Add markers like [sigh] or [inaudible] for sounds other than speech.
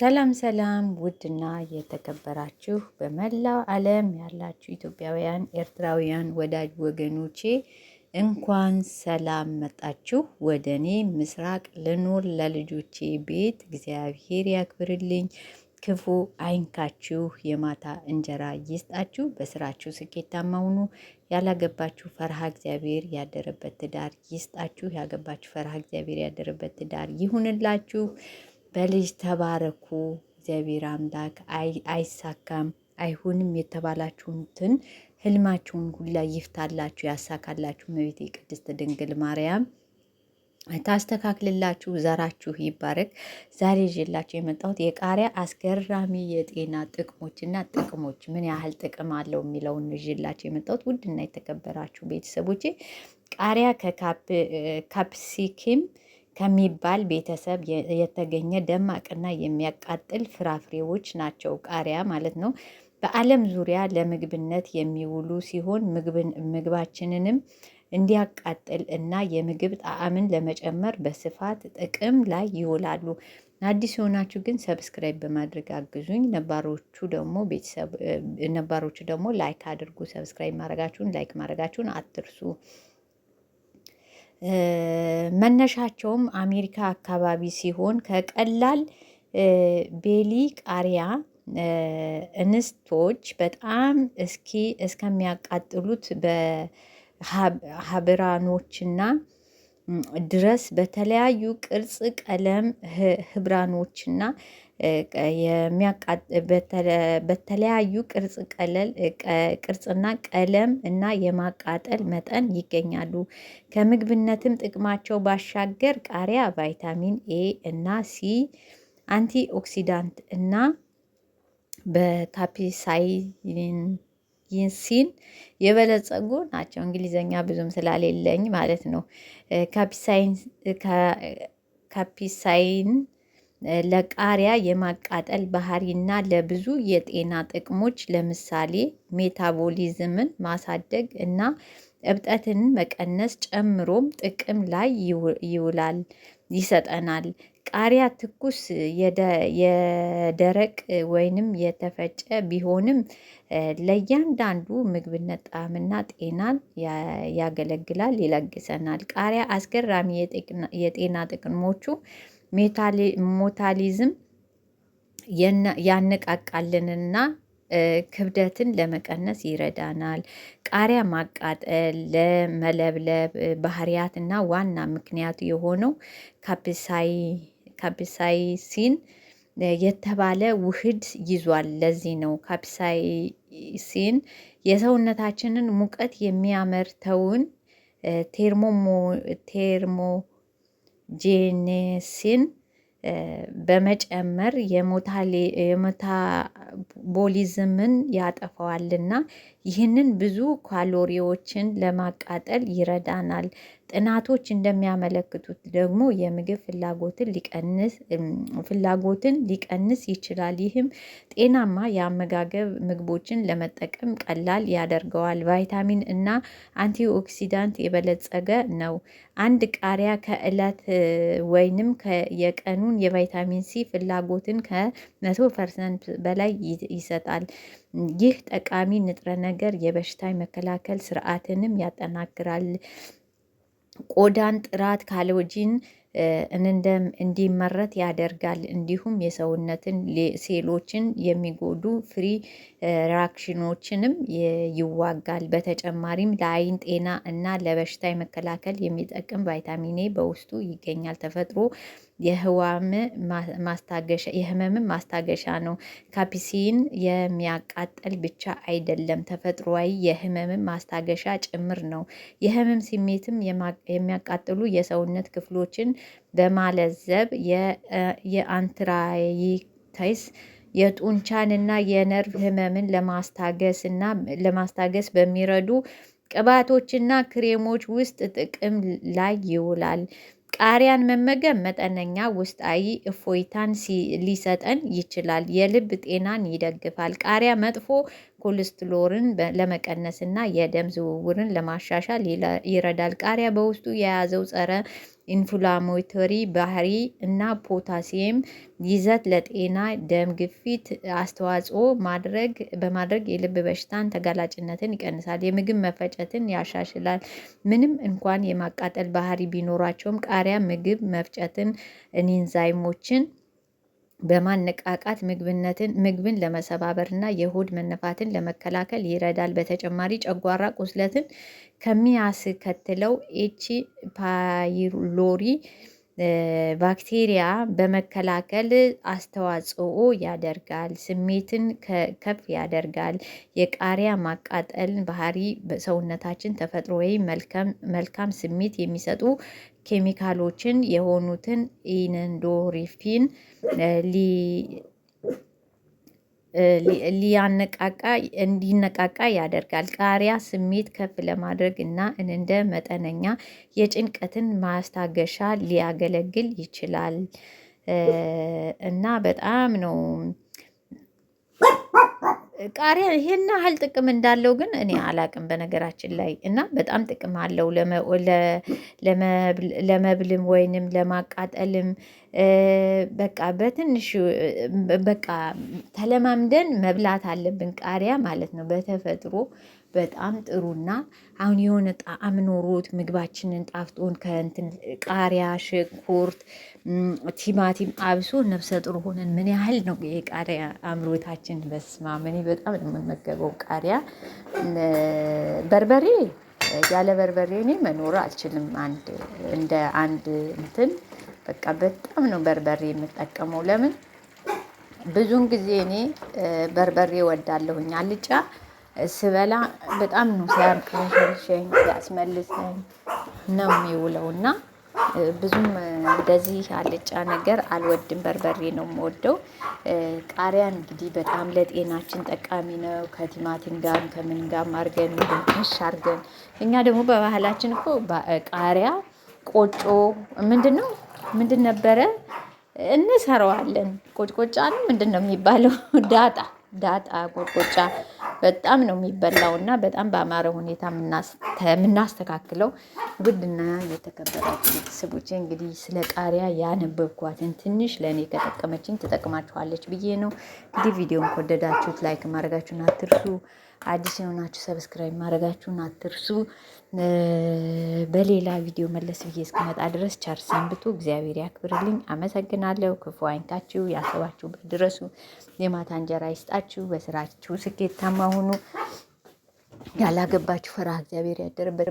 ሰላም ሰላም ውድና የተከበራችሁ በመላው ዓለም ያላችሁ ኢትዮጵያውያን፣ ኤርትራውያን ወዳጅ ወገኖቼ እንኳን ሰላም መጣችሁ። ወደ እኔ ምስራቅ ልኖር ለልጆቼ ቤት እግዚአብሔር ያክብርልኝ፣ ክፉ አይንካችሁ፣ የማታ እንጀራ ይስጣችሁ፣ በስራችሁ ስኬታማ ሁኑ። ያላገባችሁ ፈርሃ እግዚአብሔር ያደረበት ትዳር ይስጣችሁ፣ ያገባችሁ ፈርሃ እግዚአብሔር ያደረበት ትዳር ይሁንላችሁ። በልጅ ተባረኩ። እግዚአብሔር አምላክ አይሳካም አይሁንም የተባላችሁትን ህልማችሁን ሁላ ይፍታላችሁ፣ ያሳካላችሁ። እመቤቴ ቅድስት ድንግል ማርያም ታስተካክልላችሁ፣ ዘራችሁ ይባረክ። ዛሬ ይዤላችሁ የመጣሁት የቃሪያ አስገራሚ የጤና ጥቅሞችና ጥቅሞች ምን ያህል ጥቅም አለው የሚለውን ይዤላችሁ የመጣሁት ውድና የተከበራችሁ ቤተሰቦቼ ቃሪያ ከካፕሲኪም ከሚባል ቤተሰብ የተገኘ ደማቅና የሚያቃጥል ፍራፍሬዎች ናቸው። ቃሪያ ማለት ነው። በዓለም ዙሪያ ለምግብነት የሚውሉ ሲሆን ምግባችንንም እንዲያቃጥል እና የምግብ ጣዕምን ለመጨመር በስፋት ጥቅም ላይ ይውላሉ። አዲስ የሆናችሁ ግን ሰብስክራይብ በማድረግ አግዙኝ። ነባሮቹ ደግሞ ቤተሰብ ነባሮቹ ደግሞ ላይክ አድርጉ። ሰብስክራይብ ማድረጋችሁን ላይክ ማድረጋችሁን አትርሱ። መነሻቸውም አሜሪካ አካባቢ ሲሆን ከቀላል ቤሊ ቃሪያ እንስቶች በጣም እስኪ እስከሚያቃጥሉት በሀብራኖችና ድረስ በተለያዩ ቅርጽ ቀለም ህብራኖችና በተለያዩ ቅርጽ ቀለል ቅርጽና ቀለም እና የማቃጠል መጠን ይገኛሉ። ከምግብነትም ጥቅማቸው ባሻገር ቃሪያ ቫይታሚን ኤ እና ሲ አንቲ ኦክሲዳንት እና በካፒሳይን ሲን የበለጸጉ ናቸው። እንግሊዘኛ ብዙም ስላሌለኝ ማለት ነው። ካፒሳይን ለቃሪያ የማቃጠል ባህሪና ለብዙ የጤና ጥቅሞች ለምሳሌ ሜታቦሊዝምን ማሳደግ እና እብጠትን መቀነስ ጨምሮም ጥቅም ላይ ይውላል ይሰጠናል። ቃሪያ ትኩስ የደረቅ ወይንም የተፈጨ ቢሆንም ለእያንዳንዱ ምግብነት ጣዕምና ጤናን ያገለግላል ይለግሰናል። ቃሪያ አስገራሚ የጤና ጥቅሞቹ ሞታሊዝም ያነቃቃልንና ክብደትን ለመቀነስ ይረዳናል። ቃሪያ ማቃጠል ለመለብለብ ባህሪያትና ዋና ምክንያቱ የሆነው ካፕሳይ ካፒሳይሲን የተባለ ውህድ ይዟል። ለዚህ ነው ካፒሳይሲን የሰውነታችንን ሙቀት የሚያመርተውን ቴርሞጄኔሲን በመጨመር የሜታቦሊዝምን ያጠፋዋልና ይህንን ብዙ ካሎሪዎችን ለማቃጠል ይረዳናል። ጥናቶች እንደሚያመለክቱት ደግሞ የምግብ ፍላጎትን ሊቀንስ ፍላጎትን ሊቀንስ ይችላል። ይህም ጤናማ የአመጋገብ ምግቦችን ለመጠቀም ቀላል ያደርገዋል። ቫይታሚን እና አንቲኦክሲዳንት የበለጸገ ነው። አንድ ቃሪያ ከእለት ወይንም የቀኑን የቫይታሚን ሲ ፍላጎትን ከመቶ ፐርሰንት በላይ ይሰጣል። ይህ ጠቃሚ ንጥረ ነገር የበሽታ የመከላከል ስርዓትንም ያጠናክራል። ቆዳን ጥራት ካሎጂን እንዲመረት ያደርጋል። እንዲሁም የሰውነትን ሴሎችን የሚጎዱ ፍሪ ሪያክሽኖችንም ይዋጋል። በተጨማሪም ለአይን ጤና እና ለበሽታ የመከላከል የሚጠቅም ቫይታሚን ኤ በውስጡ ይገኛል። ተፈጥሮ የህመም ማስታገሻ ነው። ካፒሲን የሚያቃጥል ብቻ አይደለም፣ ተፈጥሯዊ የህመም ማስታገሻ ጭምር ነው። የህመም ስሜትም የሚያቃጥሉ የሰውነት ክፍሎችን በማለዘብ የአንትራይተስ የጡንቻንና የነርቭ ህመምን ለማስታገስ እና ለማስታገስ በሚረዱ ቅባቶችና ክሬሞች ውስጥ ጥቅም ላይ ይውላል። ቃሪያን መመገብ መጠነኛ ውስጣዊ እፎይታን ሊሰጠን ይችላል። የልብ ጤናን ይደግፋል። ቃሪያ መጥፎ ኮሌስትሮልን ለመቀነስ እና የደም ዝውውርን ለማሻሻል ይረዳል። ቃሪያ በውስጡ የያዘው ጸረ ኢንፍላማቶሪ ባህሪ እና ፖታሲየም ይዘት ለጤና ደም ግፊት አስተዋጽኦ በማድረግ የልብ በሽታን ተጋላጭነትን ይቀንሳል። የምግብ መፈጨትን ያሻሽላል። ምንም እንኳን የማቃጠል ባህሪ ቢኖራቸውም ቃሪያ ምግብ መፍጨትን ኢንዛይሞችን በማነቃቃት ምግብነትን ምግብን ለመሰባበርና የሆድ መነፋትን ለመከላከል ይረዳል። በተጨማሪ ጨጓራ ቁስለትን ከሚያስከትለው ኤች ፓይሎሪ ባክቴሪያ በመከላከል አስተዋጽኦ ያደርጋል። ስሜትን ከፍ ያደርጋል። የቃሪያ ማቃጠል ባህሪ በሰውነታችን ወይም መልካም ስሜት የሚሰጡ ኬሚካሎችን የሆኑትን ኢንዶሪፊን ሊያነቃቃ እንዲነቃቃ ያደርጋል። ቃሪያ ስሜት ከፍ ለማድረግ እና እንደ መጠነኛ የጭንቀትን ማስታገሻ ሊያገለግል ይችላል። እና በጣም ነው ቃሪያ ይሄን ያህል ጥቅም እንዳለው ግን እኔ አላቅም በነገራችን ላይ እና በጣም ጥቅም አለው ለመብልም ወይንም ለማቃጠልም በቃ በትንሹ በቃ ተለማምደን መብላት አለብን ቃሪያ ማለት ነው በተፈጥሮ በጣም ጥሩና አሁን የሆነ ጣዕም ኖሮት ምግባችንን ጣፍጦን ከእንትን ቃሪያ፣ ሽንኩርት፣ ቲማቲም አብሶ ነፍሰ ጥሩ ሆነን ምን ያህል ነው የቃሪያ አምሮታችን። በስማ እኔ በጣም ነው የምመገበው ቃሪያ። በርበሬ ያለ በርበሬ እኔ መኖር አልችልም። አንድ እንደ አንድ እንትን በቃ በጣም ነው በርበሬ የምጠቀመው። ለምን ብዙውን ጊዜ እኔ በርበሬ ወዳለሁኝ አልጫ ስበላ በጣም ነው ሲያቅለሸልሸኝ ሲያስመልሰኝ ነው የሚውለው እና ብዙም እንደዚህ አልጫ ነገር አልወድም። በርበሬ ነው የምወደው። ቃሪያ እንግዲህ በጣም ለጤናችን ጠቃሚ ነው። ከቲማቲም ጋር ከምን ጋር አርገን ትንሽ አርገን እኛ ደግሞ በባህላችን እኮ ቃሪያ ቆጮ ምንድን ነው ምንድን ነበረ እንሰራዋለን። ቆጭቆጫ ነው ምንድን ነው የሚባለው [laughs] ዳጣ ዳጣ ቆርቆጫ በጣም ነው የሚበላው እና በጣም በአማረ ሁኔታ የምናስተካክለው። ውድና የተከበራችሁ ቤተሰቦች እንግዲህ ስለ ቃሪያ ያነበብኳትን ትንሽ ለእኔ ከጠቀመችኝ ትጠቅማችኋለች ብዬ ነው። እንግዲህ ቪዲዮን ከወደዳችሁት ላይክ ማድረጋችሁን አትርሱ። አዲስ የሆናችሁ ሰብስክራይብ ማድረጋችሁን አትርሱ። በሌላ ቪዲዮ መለስ ብዬ እስክመጣ ድረስ ቸር ሰንብቱ። እግዚአብሔር ያክብርልኝ። አመሰግናለሁ። ክፉ አይንካችሁ፣ ያሰባችሁበት ድረሱ። የማታ እንጀራ ይስጣችሁ። በስራችሁ ስኬታማ ሁኑ። ያላገባችሁ ፈሪሃ እግዚአብሔር ያደረበት